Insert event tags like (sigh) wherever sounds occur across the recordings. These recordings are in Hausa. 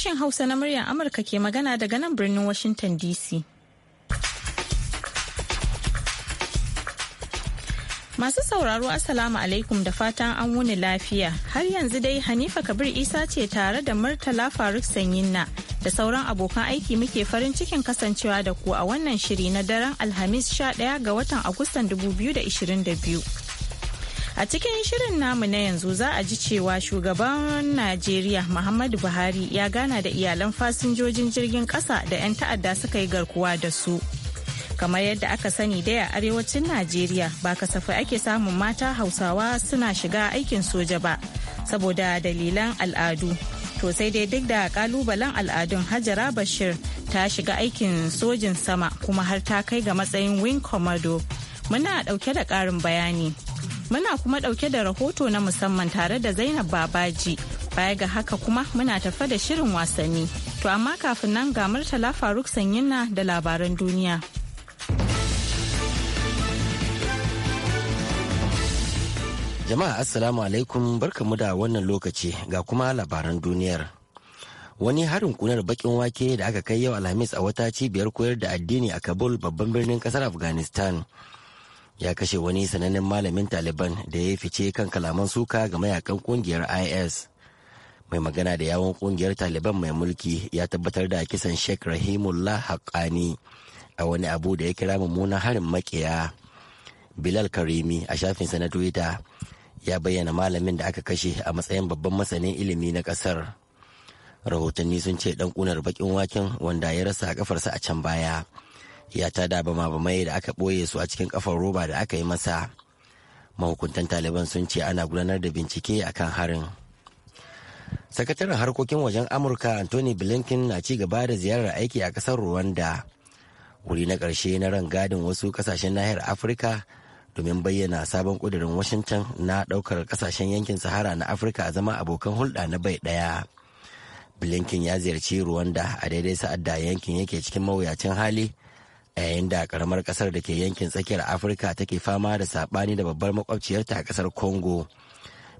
Sashen Hausa na muryar Amurka ke magana daga nan birnin Washington DC. Masu sauraro Assalamu alaikum da fatan an wuni lafiya. Har yanzu dai Hanifa Kabir Isa ce tare da Murtala Faruk Sanyinna da sauran abokan aiki muke farin cikin kasancewa da ku a wannan shiri na daren Alhamis 11 ga watan Agustan 2022. A cikin shirin namu na yanzu za a ji cewa shugaban Najeriya Muhammadu Buhari ya gana da iyalan fasinjojin jirgin kasa da 'yan ta'adda suka yi garkuwa da su. Kamar yadda aka sani daya a arewacin Najeriya ba kasafai ake samun mata Hausawa suna shiga aikin soja ba saboda dalilan al'adu. To sai dai duk da kalubalen al'adun Hajara Bashir ta shiga aikin sojin sama kuma har ta kai ga matsayin wing commando. Muna ɗauke da ƙarin bayani. Muna kuma ɗauke da rahoto na musamman tare da Zainab Babaji. Baya ga haka kuma muna tafa da shirin wasanni. To amma kafin nan ga Murtala Faruk Sanyinna da labaran duniya. Jama'a Assalamu alaikum barkamu da wannan lokaci ga kuma labaran duniyar. Wani harin kunar bakin wake da aka kai yau Alhamis a wata cibiyar koyar da addini a Kabul babban birnin kasar Afghanistan. ya kashe wani sanannen malamin taliban da ya fice kan kalaman suka ga mayakan kungiyar is mai magana da yawon kungiyar taliban mai mulki ya tabbatar da kisan sheikh rahimullah haqqani a wani abu da ya kira mummunan harin makiya bilal karimi a shafinsa na twitter ya bayyana malamin da aka kashe a matsayin babban masanin ilimi na kasar rahotanni sun ce dan kunar bakin waken wanda ya rasa kafarsa a can baya ya da bama-bamai da aka ɓoye su a cikin kafar roba da aka yi masa mahukuntan taliban sun ce ana gudanar da bincike a kan harin sakataren harkokin wajen amurka anthony blinken na ci gaba da ziyarar aiki a kasar rwanda wuri na ƙarshe na ran gadin wasu kasashen nahiyar afirka domin bayyana sabon ƙudurin washington na ɗaukar ƙasashen yankin sahara na afirka a zama abokan hulɗa na bai ɗaya blinken ya ziyarci rwanda a daidai sa'ad da yankin yake cikin mawuyacin hali yayin da karamar kasar da ke yankin tsakiyar afirka take fama da sabani da babbar makwabciyarta a kasar congo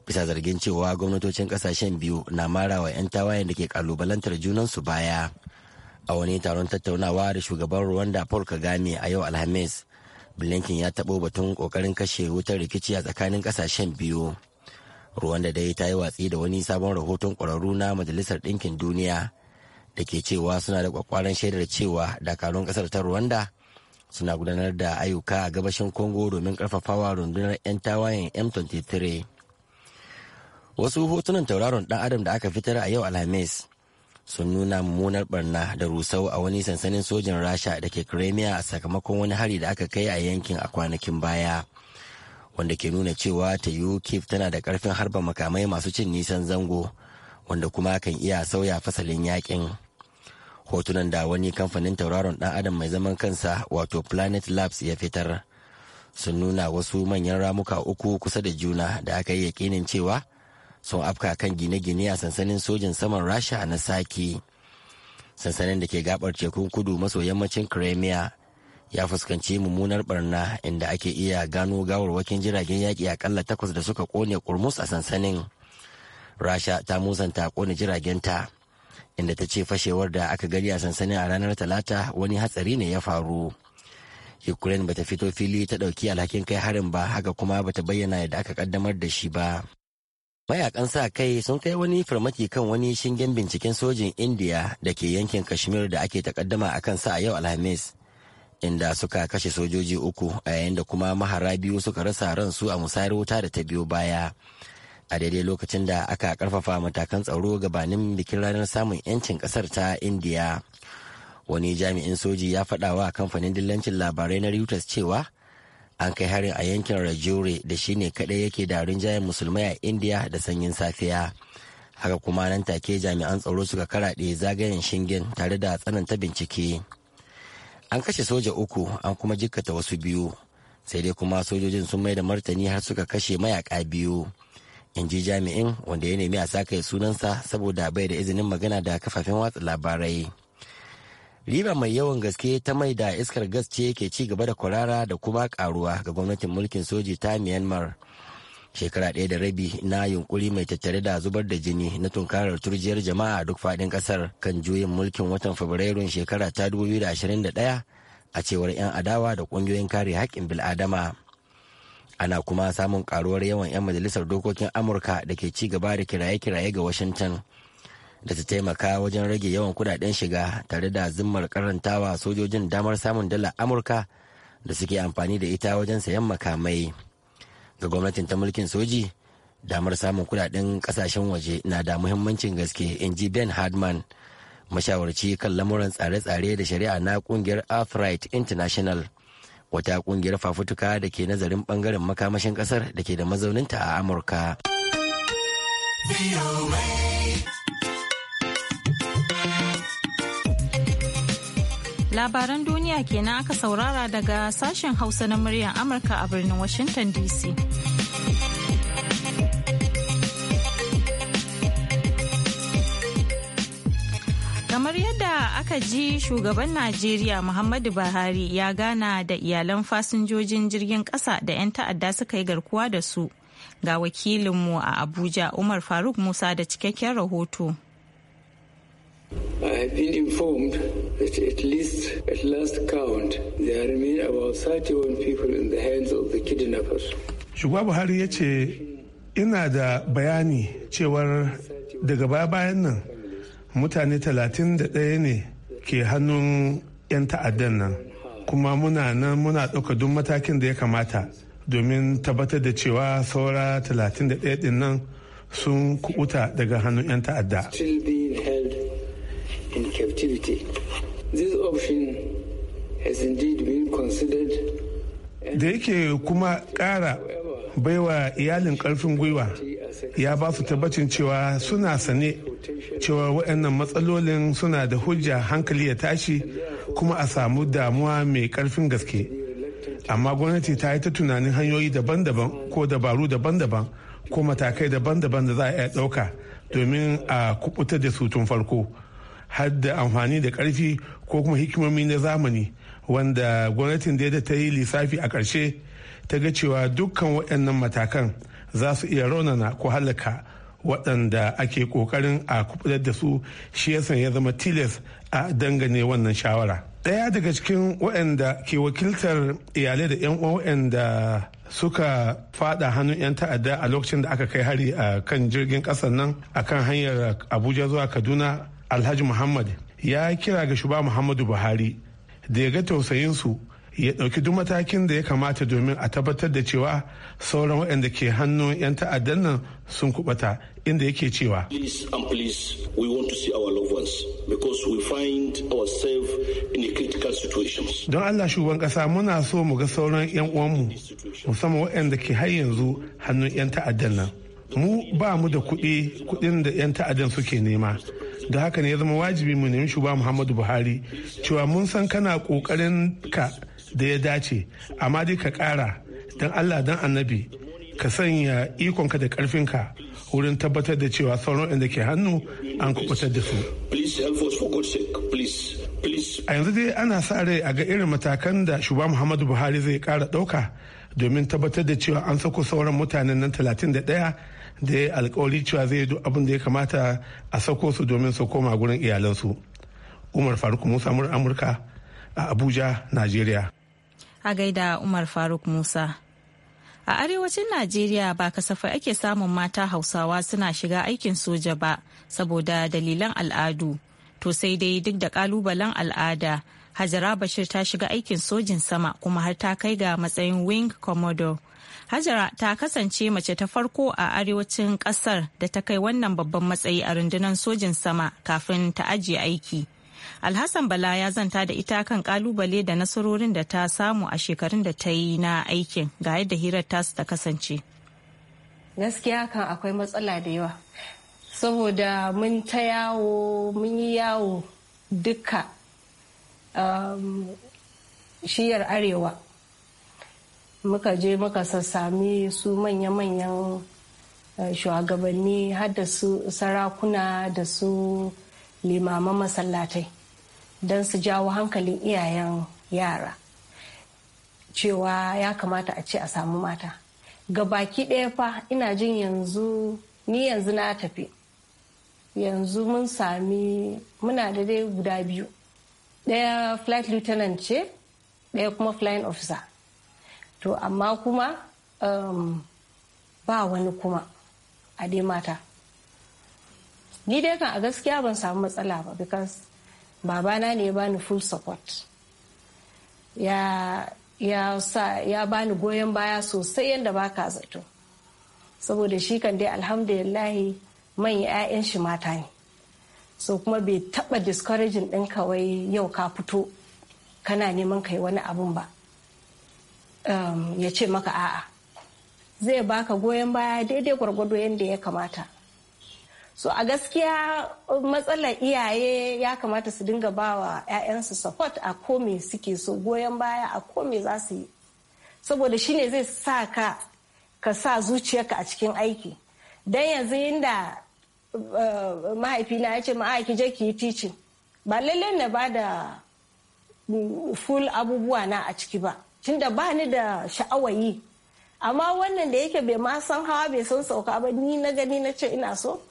bisa zargin cewa gwamnatocin kasashen biyu na marawa 'yan tawayen da ke kalubalantar junansu baya a wani taron tattaunawa da shugaban rwanda paul kagame a yau alhamis blinken ya taɓo batun ƙoƙarin kashe wutar rikici a tsakanin kasashen biyu rwanda dai ta yi watsi da wani sabon rahoton kwararru na majalisar ɗinkin duniya da ke cewa suna da kwakwaran shaidar cewa dakarun kasar ta rwanda suna gudanar da ayyuka a gabashin congo domin karfafawa rundunar 'yan tawayen m23 wasu hotunan tauraron dan adam da aka fitar a yau alhamis sun nuna mummunar barna da rusau a wani sansanin sojin rasha da ke crimea a sakamakon wani hari da aka kai a yankin a kwanakin baya wanda ke nuna cewa ta kiev tana da karfin harba makamai masu cin nisan zango wanda kuma kan iya sauya fasalin yakin hotunan da wani kamfanin tauraron dan adam mai zaman kansa wato planet labs ya fitar sun nuna wasu manyan ramuka uku kusa da juna da aka yi yakinin cewa sun afka kan gine-gine a sansanin sojin saman rasha na saki sansanin da ke gabar tekun kudu maso yammacin crimea ya fuskanci mummunar barna inda ake iya gano gawarwakin jiragen yaƙi akalla takwas da suka ƙone kurmus a sansanin rasha ta musanta kone jiragenta inda ta ce fashewar da aka gani a sansanin a ranar talata wani hatsari ne ya faru ukraine bata fito fili ta dauki alhakin kai harin ba haka kuma bata bayyana yadda aka kaddamar da shi ba mayakan sa kai sun kai wani farmaki kan wani shingen binciken sojin india da ke yankin kashmir da ake takaddama a sa a yau alhamis inda suka kashe sojoji uku a yayin da kuma mahara biyu suka rasa ransu a musayar wuta da ta biyo baya a daidai lokacin da aka karfafa matakan tsaro gabanin bikin ranar samun 'yancin kasar ta indiya wani jami'in soji ya faɗa wa kamfanin dillancin labarai na reuters cewa an kai harin a yankin rajore da shine kaɗai yake da rinjayen musulmai a indiya da sanyin safiya haka kuma nan take jami'an tsaro suka karaɗe zagayen shingen tare da tsananta bincike an kashe soja uku an kuma jikkata wasu biyu sai dai kuma sojojin sun mai da martani har suka kashe mayaka biyu in ji jami'in wanda ya nemi a saka sunansa saboda bai da izinin magana da kafafen watsa labarai riba mai yawan gaske ta mai da iskar gas ce ke ci gaba da kwarara da kuma karuwa ga gwamnatin mulkin soji ta myanmar shekara ɗaya da rabi na yunkuri mai tattare da zubar da jini na tunkarar turjiyar jama'a duk faɗin ƙasar kan juyin mulkin watan fabrairun shekara ta 2021 a cewar 'yan adawa da ƙungiyoyin kare haƙƙin bil'adama. ana kuma samun karuwar yawan 'yan majalisar dokokin amurka da ke ci gaba da kiraye-kiraye ga washington da ta taimaka wajen rage yawan kudaden shiga tare da zimmar karantawa sojojin damar samun dala amurka da suke amfani da ita wajen sayan makamai ga gwamnatin ta mulkin soji damar samun kudaden kasashen waje na da muhimmancin gaske in ji ben hardman mashawarci kan lamuran tsare-tsare da shari'a na kungiyar afrite international wata kungiyar fafutuka da ke nazarin bangaren makamashin kasar da ke da mazauninta a amurka labaran duniya kenan aka saurara daga sashen hausa na muryar amurka a birnin washington dc kamar yadda aka ji shugaban najeriya muhammadu buhari ya gana da iyalan fasinjojin jirgin kasa da 'yan ta'adda suka yi garkuwa da su ga wakilinmu a abuja umar faruk musa da cikakken rahoto I have been informed that at least at last count there remain about 31 people in the hands of the kidnappers. Shugaba Buhari ya ce ina da bayani cewar daga baya bayan nan mutane 31 ne ke hannun 'yan ta'addan nan kuma muna nan muna ɗauka duk matakin da ya kamata domin tabbatar da cewa saura 31 din nan sun kubuta daga hannun 'yan ta'adda. Da yake kuma ƙara baiwa iyalin ƙarfin gwiwa ya ba su tabbacin cewa suna sane cewa waɗannan matsalolin suna da hujja hankali ya tashi kuma a samu damuwa mai ƙarfin gaske amma gwamnati ta yi ta tunanin hanyoyi daban-daban ko dabaru daban-daban ko matakai daban-daban da za a iya ɗauka domin a kubuta da su tun farko har da amfani da ƙarfi ko kuma hikimomi na zamani wanda gwamnatin da ta yi lissafi a ƙarshe ta ga cewa dukkan waɗannan matakan za su iya raunana ko halaka waɗanda ake ƙoƙarin a kubutar da su shi yasan ya zama tilas a dangane wannan shawara ɗaya daga cikin waɗanda ke wakiltar iyalai da 'yan waɗanda suka fada hannun 'yan ta'adda a lokacin da aka kai hari a kan jirgin ƙasar nan a kan hanyar abuja zuwa kaduna alhaji muhammad ya kira ga shuba muhammadu buhari da ya ga tausayinsu ya ɗauki duk matakin da ya kamata domin a tabbatar da cewa sauran waɗanda ke hannun 'yan ta'addan nan sun kubata inda yake cewa please and please we want to see our loved ones because we find ourselves in a critical situation don Allah shugaban kasa muna so mu ga sauran 'yan uwanmu musamman waɗanda ke har yanzu hannun 'yan ta'addan nan mu ba mu da kuɗi kuɗin da 'yan ta'addan suke nema da haka ne ya zama wajibi mu nemi shugaba muhammadu buhari cewa mun san kana ƙoƙarin ka da ya dace amma dai ka kara don allah don annabi ka sanya ikonka da karfinka wurin tabbatar da cewa sauran inda ke hannu an kubutar da su a yanzu dai ana sa rai a ga irin matakan da shugaba muhammadu buhari zai kara dauka domin tabbatar da cewa an sako sauran mutanen nan 31 da ya alkawari cewa zai duk abin da ya kamata a sauko su domin su koma gurin iyalansu umar faruk musa amurka a abuja nigeria. a gaida Umar Faruk Musa. A arewacin Najeriya ba kasafai ake samun mata Hausawa suna shiga aikin soja ba saboda dalilan al'adu. To sai dai duk da kalubalen al'ada, Hajara Bashir ta shiga aikin sojin sama kuma har ta kai ga matsayin Wing Commodore. Hajara ta kasance mace ta farko a arewacin kasar da ta kai wannan babban matsayi a rundunar sojin sama kafin ta ajiye aiki. Alhassan Bala ya zanta da ita kan kalubale da nasarorin da ta samu a shekarun da ta yi na aikin ga yadda hirar tasu ta kasance. Gaskiya kan akwai matsala da yawa. Saboda mun ta yawo, mun yi yawo duka um, shiyar arewa. Muka je muka sassami su manya-manyan eh, shugabanni hada su sarakuna da su limaman masallatai don su jawo hankalin iyayen yara cewa ya kamata a ce a samu mata ga baki ɗaya fa ina jin yanzu ni yanzu na tafi yanzu mun sami muna da dai guda biyu ɗaya flight lieutenant ce ɗaya kuma flying officer to amma kuma um, ba wani kuma a dai mata ni dai kan a gaskiya ban samu matsala ba because babana ne ya bani full support ya sa ya bani goyon baya sosai yadda ba ka zato saboda shi kan dai alhamdulillahi manyan 'ya'yan shi mata ne so kuma bai taba discouraging din kawai yau ka fito kana neman kai wani abun ba um, ya ce maka a'a zai baka goyon baya daidai gwargwado yadda ya kamata so a gaskiya matsalar iyaye ya kamata su dinga ba wa 'ya'yansu support a kome suke so goyon baya a kome za su yi saboda shine zai sa ka ka sa zuciyarka a cikin aiki don yanzu inda eh, mahaifina ya ce ma'aiki je ki yi teaching ba lalle na ba da full abubuwa na a ciki ba tunda ba ni da sha'awayi amma wannan da yake bai ma san hawa bai san sauka ba ni na gani na ce ina so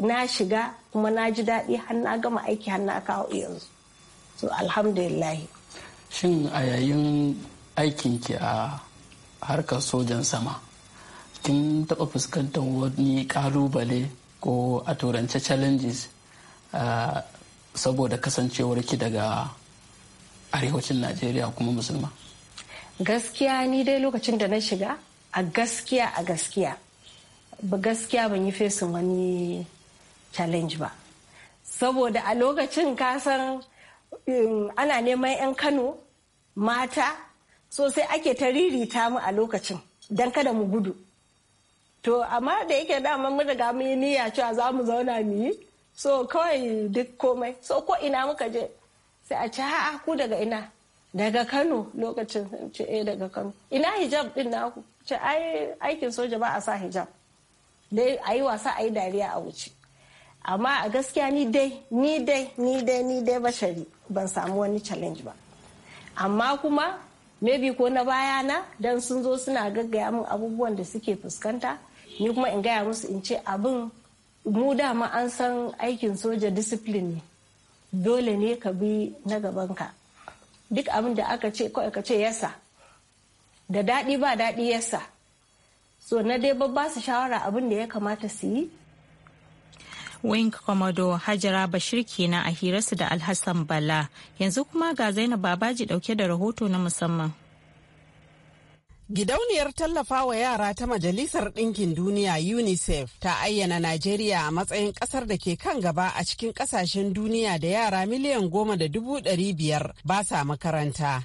na shiga kuma na ji daɗi har na gama aiki har na kawo yanzu so alhamdulillah shin a yayin aikinki a harkar sojan sama kin taɓa fuskantar wani ƙalubale ko a turance challenges saboda kasancewar ki daga arewacin najeriya kuma musulma gaskiya ni dai lokacin da na shiga a gaskiya a gaskiya ba gaskiya ban yi fesin wani challenge ba saboda a lokacin kasan um, ana neman 'yan kano mata sosai ake ta ririta mu a lokacin don kada mu gudu to amma da yake dama mu riga mu yi niyya cewa za mu zauna mu yi so kawai duk komai so ko ina muka je sai a ci ha'a ku daga ina daga kano lokacin ce eh daga kano ina hijab din naku ce ai aikin soja ba a sa hijab dai a yi wasa a yi dariya a wuce amma a gaskiya ni dai ni dai ni dai ni dai bashari ban samu wani challenge ba amma kuma maybe ko na baya na dan sun zo suna gaggaya min abubuwan da suke fuskanta ni kuma in gaya musu in ce abin mu dama an san aikin soja discipline ne dole ne ka bi na gabanka duk abin da aka ce kawai ka ce yasa da daɗi ba daɗi yasa so na dai babba su shawara abin da ya kamata su yi Wing Commodore Hajara Bashir kenan a hira su da Alhassan Bala. Yanzu kuma ga Zainab Babaji dauke da rahoto na musamman. Gidauniyar tallafawa yara ta Majalisar Ɗinkin Duniya UNICEF ta ayyana Najeriya a matsayin ƙasar da ke kan gaba a cikin ƙasashen duniya da yara miliyan goma da dubu ɗari biyar ba sa makaranta.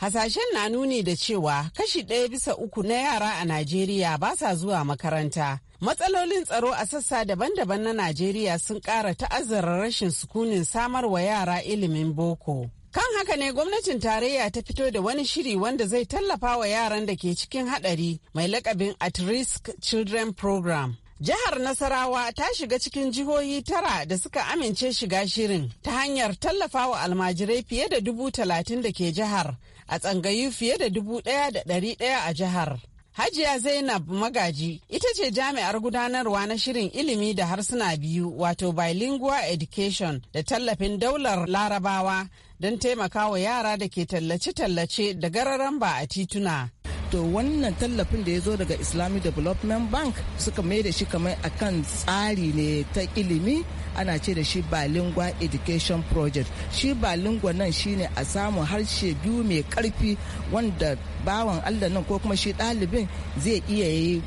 Hasashen na nuni da cewa kashi ɗaya bisa uku na yara a Najeriya ba sa zuwa makaranta Matsalolin tsaro a sassa daban-daban na Najeriya sun ƙara ta'azzara rashin sukunin samar wa yara ilimin boko. Kan haka ne gwamnatin tarayya ta fito da wani shiri wanda zai tallafa wa yaran da ke cikin haɗari mai lakabin At Risk Children Program. Jihar Nasarawa ta shiga cikin jihohi tara da suka amince shiga shirin ta hanyar tallafa wa almajirai fiye da dubu talatin da ke jihar a tsangayu fiye da dubu ɗaya da ɗari ɗaya a jihar. Hajiya Zainab Magaji ita ce jami'ar gudanarwa na shirin ilimi da harsuna biyu wato bilingual education da tallafin daular larabawa don taimaka wa yara da ke tallace-tallace da gararan ba a tituna. to wannan tallafin da ya zo daga islamic development bank suka mai da shi kamar kan tsari ne ta ilimi ana ce da shi bilingual education project shi bilingual nan shine a samu harshe biyu mai karfi wanda bawan allah nan ko kuma shi ɗalibin zai iya yi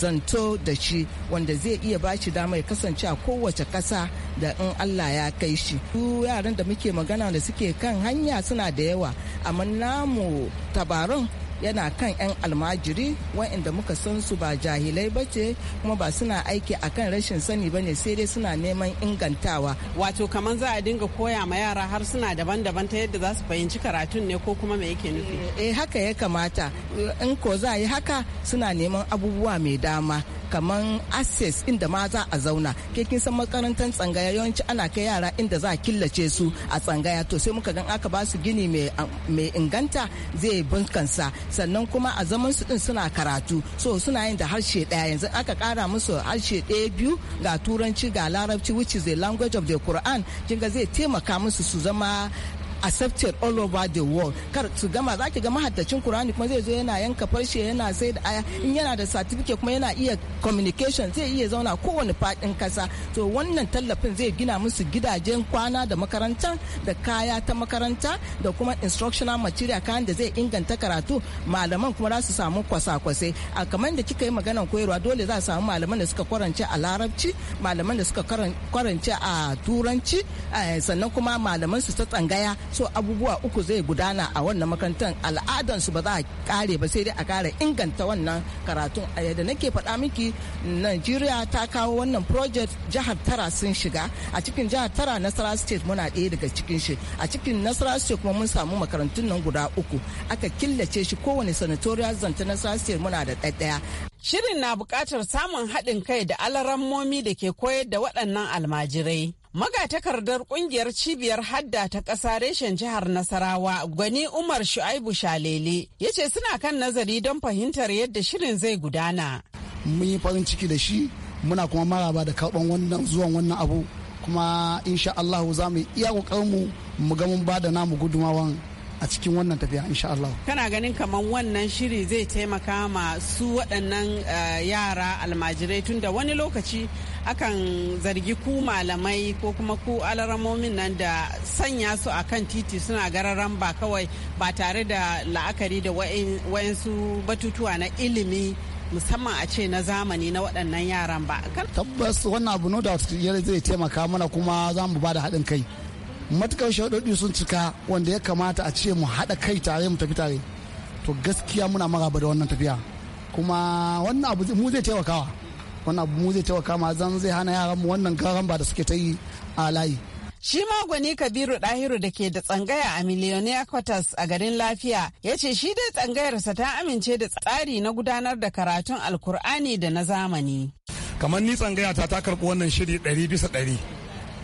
zanto da shi wanda zai iya ba shi dama ya kasance a kowace ƙasa da in allah ya kai shi su yaran da muke magana da suke kan hanya suna da yawa amma namu tabarun. yana kan 'yan almajiri wa'inda muka san su ba jahilai ba ce kuma ba suna aiki akan rashin sani ba ne sai dai suna neman ingantawa wato kamar za a dinga koya ma yara har suna daban-daban ta yadda za su fahimci karatun ne ko kuma me yake nufi eh, eh haka ya kamata in ko za a yi haka suna neman abubuwa mai dama kamar access inda ma za a zauna ke kin san makarantar tsangaya yawanci ana kai yara inda za a killace su a tsangaya to sai muka gan aka ba su gini mai inganta zai bunkansa sannan kuma a zaman su din suna karatu so suna yin da harshe daya yanzu aka kara musu harshe daya biyu ga turanci ga larabci which is the language of the Quran kinga zai taimaka musu su zama accepted all over the world kar su gama za ki ga mahaddacin kur'ani kuma zai zo yana yanka farshe yana sai da aya in yana da certificate kuma yana iya communication zai iya zauna kowane faɗin kasa to wannan tallafin zai gina musu gidajen kwana da makaranta da kaya ta makaranta da kuma instructional material kayan da zai inganta karatu malaman kuma za su samu kwasa-kwasai a kamar da kika yi maganan koyarwa dole za su samu malaman da suka kwarance a larabci malaman da suka kwarance a turanci eh, sannan kuma malaman su ta tsangaya so abubuwa uku zai gudana a wannan makarantar su ba za a kare ba sai dai a kare inganta wannan karatun a yadda nake faɗa miki najeriya ta kawo wannan project jihar tara sun shiga a cikin jihar tara nasara state muna ɗaya daga cikin shi a cikin nasara state kuma mun samu makarantun nan guda uku aka killace shi kowane senatorial zanta nasara state muna da ɗaya Shirin na buƙatar samun haɗin kai da alarammomi da ke koyar da waɗannan almajirai. Magatakardar kungiyar cibiyar hadda ta ƙasa reshen jihar Nasarawa gwani Umar Shu'aibu Shalele ya ce suna kan nazari don fahimtar yadda shirin zai gudana. Mun yi farin ciki da shi muna kuma maraba da karɓar wannan zuwan wannan abu kuma insha Allah za mu iya ƙoƙarmu mu ga mun ba da namu gudumawan a cikin wannan tafiya insha Allah. Kana ganin kamar wannan shiri zai taimaka ma su waɗannan eh, yara almajirai tun da wani lokaci akan zargi ku malamai ko kuma ku alaramomin nan da sanya su a kan titi suna gararan ba kawai ba tare da la'akari da wayansu batutuwa na ilimi musamman a ce na zamani na waɗannan yaran ba. Tabbas wannan abu no da zai taimaka mana kuma za mu ba da haɗin kai. matukar shaɗaɗi sun cika wanda ya kamata a ce mu haɗa kai tare mu tafi tare to gaskiya muna maraba da wannan tafiya kuma wannan abu mu zai taimakawa wannan abu mu zai taimaka ma zan zai hana yaran mu wannan garan ba da suke ta yi a layi Shi magwani Kabiru Dahiru da ke da tsangaya a Millionaire Quarters a garin lafiya ya ce shi dai tsangayarsa ta amince da tsari na gudanar da karatun Alkur'ani da na zamani. Kamar ni tsangaya ta ta karɓi wannan shiri ɗari bisa ɗari.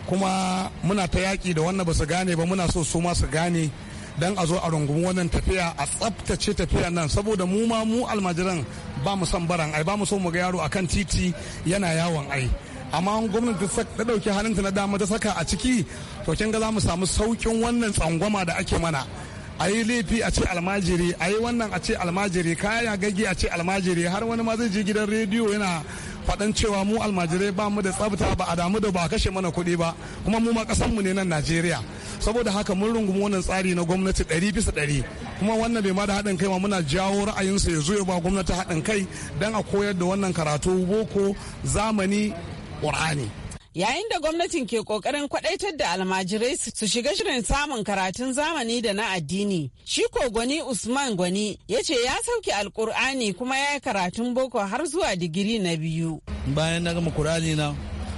kuma muna ta yaƙi da wannan ba su gane ba muna so su ma su gane don a zo a rungumi wannan tafiya a tsaftace tafiya nan saboda mu ma mu almajiran ba mu san baran ai ba mu so mu ga yaro akan titi yana yawon ai amma gwamnati ta ɗauki hannunta na dama ta saka a ciki to kin ga za mu samu saukin wannan tsangwama da ake mana a yi laifi a ce almajiri a yi wannan a ce almajiri kaya gage a ce almajiri har wani ma zai je gidan rediyo yana faɗan cewa mu almajirai ba mu da tsabta ba a damu da ba a kashe mana kuɗi ba kuma mu ma ƙasar mu ne nan najeriya saboda haka mun rungumi wannan tsari na gwamnati ɗari bisa ɗari kuma wannan bai ma da haɗin kai ma muna jawo ra'ayinsa ya zo ya ba gwamnati haɗin kai don a koyar da wannan karatu boko zamani ƙur'ani Yayin da gwamnatin ke kokarin kwadaitar da almajirai su shiga shirin samun karatun zamani da na addini, shi ko gwani Usman gwani ya ce ya sauke alkur'ani kuma ya yi karatun boko har zuwa digiri na biyu. Bayan na gama kur'ani na,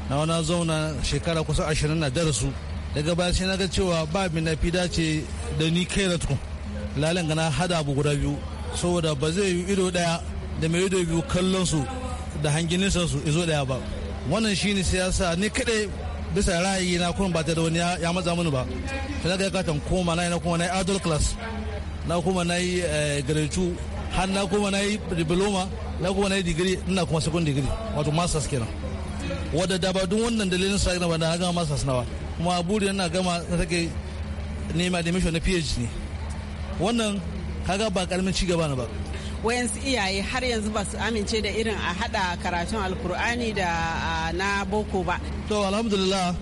na wana zauna shekara kusa ashirin na darasu. Daga baya sai na ga cewa ba na fi dace da ni kai lalan gana hada abu guda biyu saboda ba zai yi ido daya da mai ido biyu kallon su da hanginin su izo daya ba wannan shi ne siyasa ni kaɗai bisa ra'ayi na kuma ba ta da wani ya matsa mini ba sai ga katan koma na na kuma na adult class na kuma na yi eh, grade har na kuma na yi diploma na kuma na yi digiri ina kuma second digiri wato masters kenan wadda da wannan dalilin sa na ba na gama masters nawa kuma burin na gama na take nema admission na phd ne wannan kaga ba karamin cigaba na ba wayansu iyaye har yanzu ba su amince da irin a hada karatun alkur'ani da na boko ba to alhamdulillah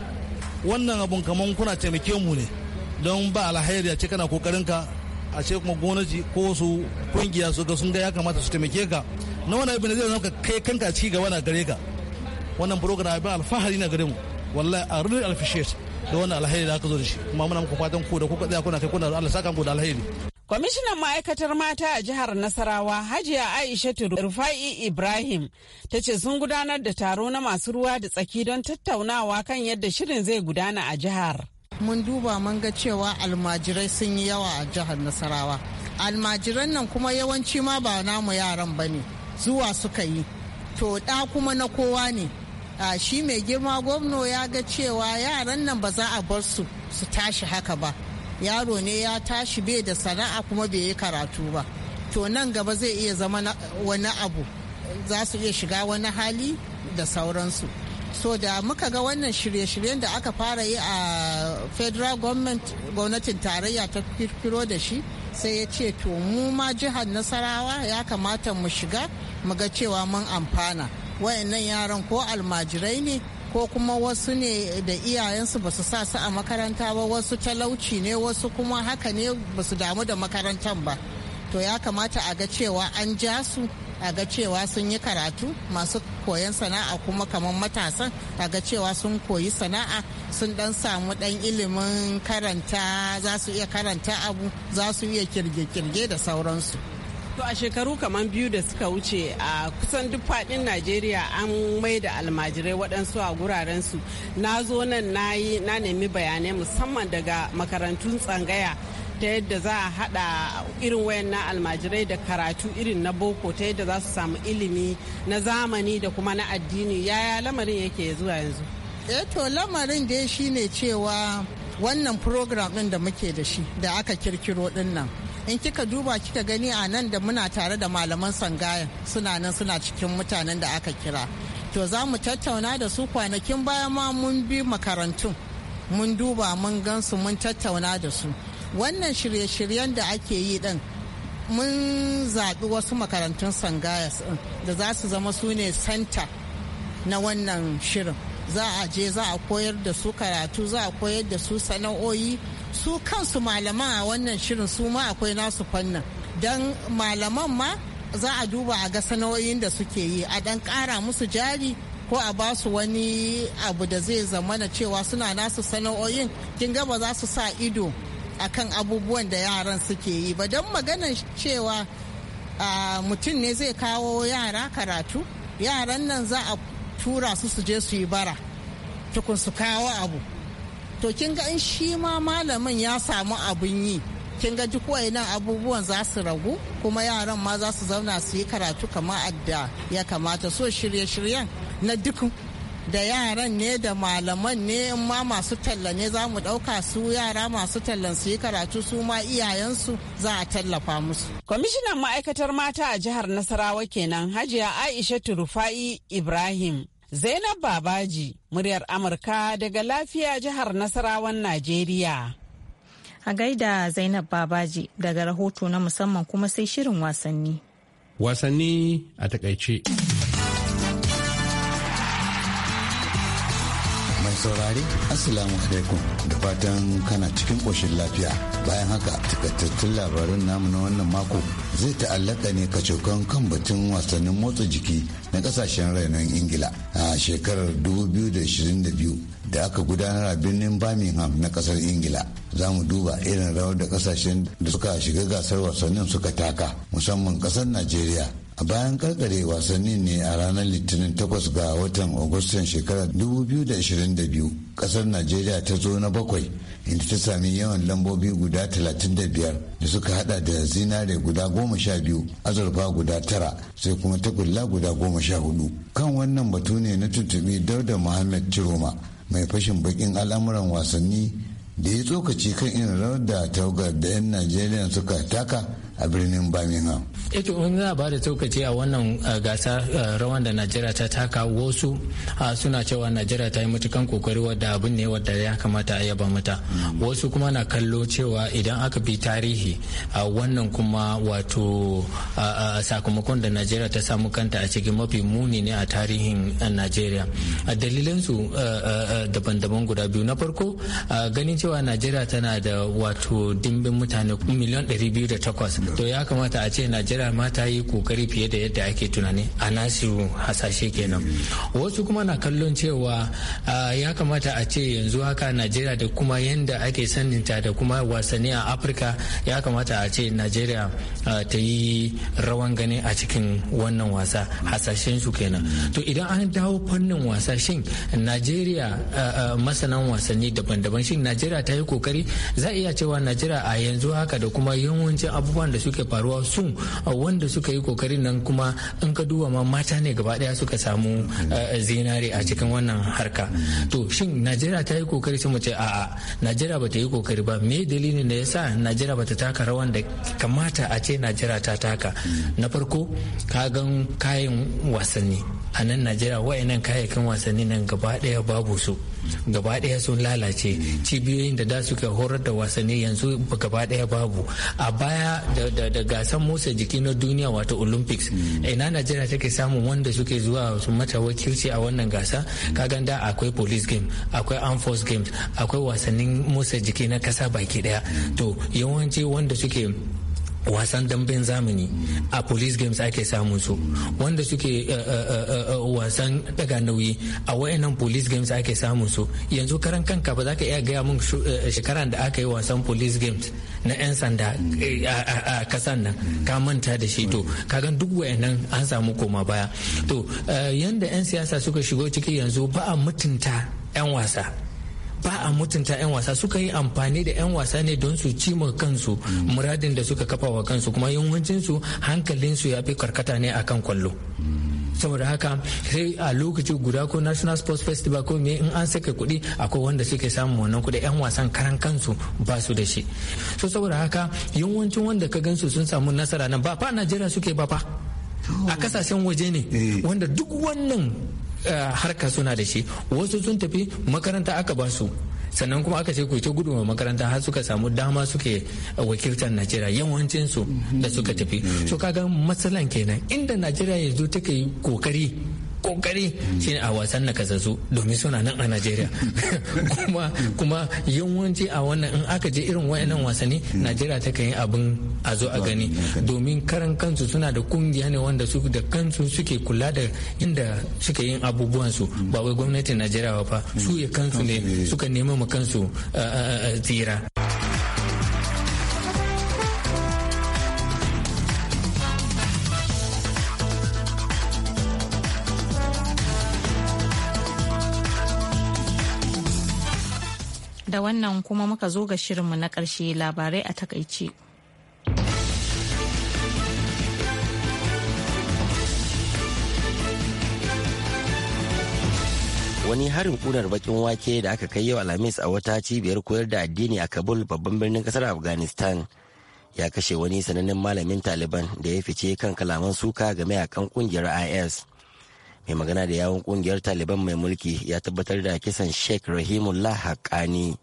wannan abun kaman kuna taimake mu ne don ba alhairi a ce kana kokarin ka a ce kuma gonaji ko su kungiya su ga sun ga ya kamata su taimake ka na wani abin da zai zama kai kanka ci gaba na gare ka wannan program abin alfahari na gare mu wallahi a really alfishet da wannan alhairi da aka zo da shi kuma muna muku fatan ku da kuka tsaya kuna kai kuna Allah saka ku da alhairi Kwamishinan ma'aikatar mata a jihar Nasarawa Hajiya Aisha Rufai Ibrahim ta ce sun gudanar da taro na masu ruwa da tsaki don tattaunawa kan yadda shirin zai gudana a jihar. Mun duba mun ga cewa almajirai sun yi yawa a jihar Nasarawa. Almajiran nan kuma yawanci ma ba namu yaran ba ne zuwa suka yi. To ɗa kuma na kowa ne. a shi mai girma gwamno ya ga cewa yaran nan ba za a bar su su tashi haka ba yaro ne ya tashi bai da sana'a kuma bai yi karatu ba to nan gaba zai iya zama wani abu za su iya shiga wani hali da sauransu so da muka ga wannan shirye-shiryen da aka fara yi a federal government gwamnatin tarayya ta kirkiro da shi sai ya ce to mu ma jihar nasarawa ya kamata mu shiga mu ga cewa mun amfana wayannan yaran ko almajirai ne ko kuma wasu ne da iyayensu ba su sa su a makaranta ba wasu talauci ne wasu kuma haka ne ba su damu da makarantar ba to ya kamata a ga cewa an ja su a ga cewa sun yi karatu masu koyon sana'a kuma kamar matasan a ga cewa sun koyi sana'a sun dan samu dan ilimin karanta za su iya karanta abu za su iya kirge-kirge da sauransu To a shekaru kamar biyu da suka wuce a kusan duk faɗin Najeriya an mai da almajirai waɗansu a gurarensu. Na zo nan na yi na nemi bayanai musamman daga makarantun tsangaya ta yadda za a haɗa irin wayan na almajirai da karatu irin na boko ta yadda za su samu ilimi na zamani da kuma na addini yaya lamarin yake zuwa yanzu. Eh to lamarin dai shine cewa wannan program ɗin da muke da shi da aka kirkiro ɗin nan. in kika duba kika gani a nan da muna tare da malaman sangayan suna nan suna cikin mutanen da aka kira to za mu tattauna da su kwanakin baya ma mun bi makarantun mun duba mun gansu mun tattauna da su wannan shirye-shiryen da ake yi din mun zaɓi wasu makarantun sangaya da za su zama su ne santa na wannan shirin za a je za a koyar da su karatu za a koyar da su sana'o'i su kansu malaman a wannan shirin su ma akwai nasu fannin don malaman ma za a duba a ga sana'o'in da suke yi a dan kara musu jari ko a ba su wani abu da zai zamana cewa suna nasu sana'o'in kin ga ba za su sa ido akan abubuwan da yaran suke yi ba don maganar cewa mutum ne zai kawo yara karatu yaran nan za a tura su su je su yi bara tukun su kawo abu to kin ga in shi ma malamin ya samu abin yi kin ga duk wayannan abubuwan za su ragu kuma yaran ma za su zauna su yi karatu kamar adda ya kamata so shirye-shiryen na duk da yaran ne da malaman ne in ma masu talla ne za mu ɗauka su yara masu tallan su yi karatu su ma iyayensu za a tallafa musu. Kwamishinan ma'aikatar mata a jihar Nasarawa kenan Hajiya Aisha Turufa'i Ibrahim. Zainab Babaji, muryar Amurka daga lafiya jihar Nasarawan Najeriya. A gaida Zainab Babaji daga rahoto na musamman kuma sai shirin wasanni. Wasanni a takaice. saurare assalamu alaikum da fatan kana cikin ƙoshin lafiya bayan haka takaitattun labarin namu na wannan mako zai ta'allaka ne kacokan kan batun wasannin motsa jiki na kasashen rainon ingila a shekarar 2022 da aka gudanar a birnin birmingham na kasar ingila za mu duba irin rawar da kasashen da suka shiga gasar wasannin suka taka musamman kasar najeriya a bayan karkare wasannin ne a ranar litinin 8 ga watan agustan shekarar 2022 kasar najeriya ta zo na bakwai inda ta sami yawan lambobi guda 35 da suka hada da zinare guda 12 azurfa guda 9 sai kuma tagulla guda 14 kan wannan batu ne na tuntubi dauda muhammad ciroma mai fashin bakin al'amuran wasanni da ya tsokaci kan irin rawar da tawagar da 'yan najeriya suka taka a birnin birmingham eto eh wani za ba da tsokaci a wannan gasa rawan da najeriya ta taka wasu suna cewa najeriya ta yi matukan kokari wadda abin ne wadda ya kamata a yaba mata mm. wasu kuma na kallo cewa idan aka bi tarihi a wannan kuma wato sakamakon da najeriya ta samu kanta a cikin mafi muni ne a tarihin najeriya dalilansu daban-daban guda biyu na farko ganin cewa najeriya tana da wato dimbin mutane miliyan 208 to ya kamata a ce najeriya ma ta yi kokari fiye da yadda ake tunani a nasiru hasashe kenan wasu kuma na kallon cewa ya kamata a ce yanzu haka najeriya da kuma yadda ake ta da kuma wasanni a afirka ya kamata a ce najeriya ta yi rawan gani a cikin wannan wasa hasashen su kenan to idan an dawo fannin wasa shin najeriya masanan wasanni daban-daban shin najeriya ta yi kokari za a iya cewa najeriya a yanzu haka da kuma yawancin abubuwan da suke faruwa sun wanda suka yi kokarin nan kuma in ka duba ma mata ne gaba daya suka samu mm. eh, zinare a cikin wannan harka mm. to shin najeriya ta yi kokari sai mu ce a'a najeriya bata yi kokari ba me dalilin da yasa najeriya bata taka rawan da kamata a ce najeriya ta taka mm. na farko ka gan kayan wasanni a nan najeriya wayannan kayayyakin wasanni nan gaba daya babu su gaba ɗaya sun lalace cibiyoyin da da suka horar da wasanni yanzu gaba ɗaya babu a baya da gasan motsa jiki na duniya wato olympics mm. ina najeriya take samun wanda suke zuwa su mata wakilci a wannan gasa kagan da akwai police game akwai armed force games akwai wasannin motsa jiki na kasa baki ɗaya mm. to yawanci wanda suke wasan damben zamani a police games ake samun su wanda suke eh, eh, eh, wasan daga nauyi a wayannan police games ake samun su yanzu karan kanka ba za ka iya gaya mun shekaran da aka yi wasan police games na 'yan sanda a kasan nan ka manta da shi to ga duk wayannan an samu koma baya to yanda 'yan siyasa suka shigo ciki yanzu ba a mutunta 'yan wasa ba a mutunta 'yan wasa suka yi amfani da 'yan wasa ne don su ci ma kansu muradin da suka kafa wa kansu kuma yawancinsu hankalinsu ya fi karkata ne akan kwallo. saboda haka sai a lokaci guda ko national sports festival ko me in an saka kuɗi akwai wanda suke samun wannan kuɗi yan wasan karan kansu ba su da shi so saboda haka yawancin wanda ka gansu sun samu nasara nan ba fa najeriya suke ba fa a oh. kasashen waje ne eh. wanda duk wannan Eh, harka suna da shi wasu sun tafi makaranta aka ba su sannan kuma aka ce ku ta gudu makaranta har suka samu dama suke wakiltar najeriya yawancin su da suka tafi mm-hmm. so kaga matsalan kenan inda najeriya yanzu take kokari kokari shine a wasan na kazazu domin suna nan a Najeriya (laughs) kuma kuma yawanci a wannan in aka je irin wayannan wasanni Najeriya ta kan yi abin a zo a gani domin karan kansu suna da kungiya ne wanda su da kansu suke kula da inda suke yin abubuwan su ba wai gwamnatin Najeriya ba fa su ya kansu ne suka nema ma kansu eh, eh, eh, tsira. da wannan kuma muka zo ga shirinmu na ƙarshe labarai a takaice. wani harin kunar bakin wake da aka kai yau alhamis a wata cibiyar koyar da addini a kabul babban birnin kasar afghanistan ya kashe wani sanannen malamin taliban da ya fice kan kalaman suka ga mayakan kungiyar is mai magana da yawun kungiyar taliban mai mulki ya tabbatar da kisan sheikh rahimullah haƙani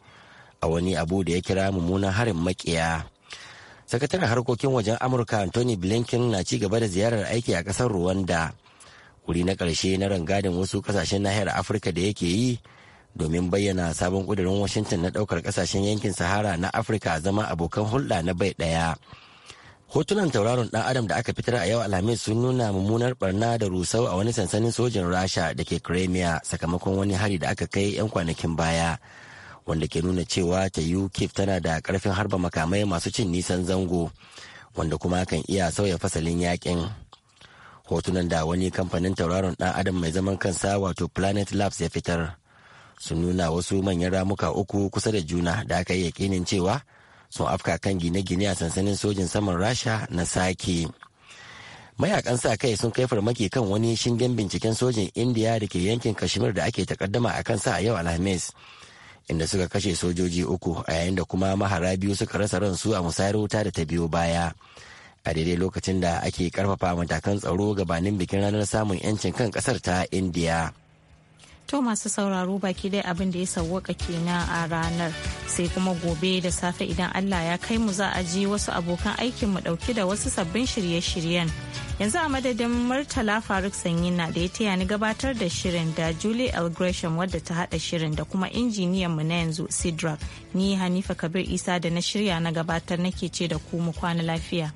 a wani abu da ya kira mummunan harin makiya sakataren harkokin wajen amurka anthony blinken na ci gaba da ziyarar aiki a ƙasar rwanda wuri na ƙarshe na rangadin wasu ƙasashen nahiyar afirka da yake yi domin bayyana sabon ƙudurin washington na ɗaukar ƙasashen yankin sahara na afirka zama abokan hulɗa na bai ɗaya. hotunan tauraron dan adam da aka fitar a yau alhamis sun nuna mummunar barna da rusau a wani sansanin sojin rasha da ke crimea sakamakon wani hari da aka kai 'yan kwanakin baya wanda ke nuna cewa ta ukip tana da karfin harba makamai masu cin nisan zango wanda kuma kan iya sauya fasalin yakin hotunan da wani kamfanin tauraron dan adam mai zaman kansa wato planet labs ya fitar sun nuna wasu manyan ramuka uku kusa da juna da aka yi yakinin cewa sun afka kan gine-gine a sansanin sojin saman rasha na sake mayakan sa kai sun kai farmaki kan wani shingen binciken sojin indiya da ke yankin kashmir da ake takaddama a sa a yau alhamis inda suka kashe sojoji uku a yayin da kuma mahara biyu suka rasa ransu a musayar wuta da ta biyo baya a daidai lokacin da ake karfafa matakan tsaro gabanin bikin ranar samun 'yancin kan kasar ta indiya To masu sauraro baki dai abin da ya sauwaka kenan a ranar sai kuma gobe da safe idan Allah ya kai mu za a ji wasu abokan aikin mu dauke da wasu sabbin shirye-shiryen. Yanzu a madadin Murtala Faruk sanyi na da ya taya ni gabatar da shirin da Julie L. Gresham wadda ta hada shirin da kuma injiniyan mu na yanzu Sidrak ni Hanifa Kabir Isa da na shirya na gabatar nake ce da ku mu kwana lafiya.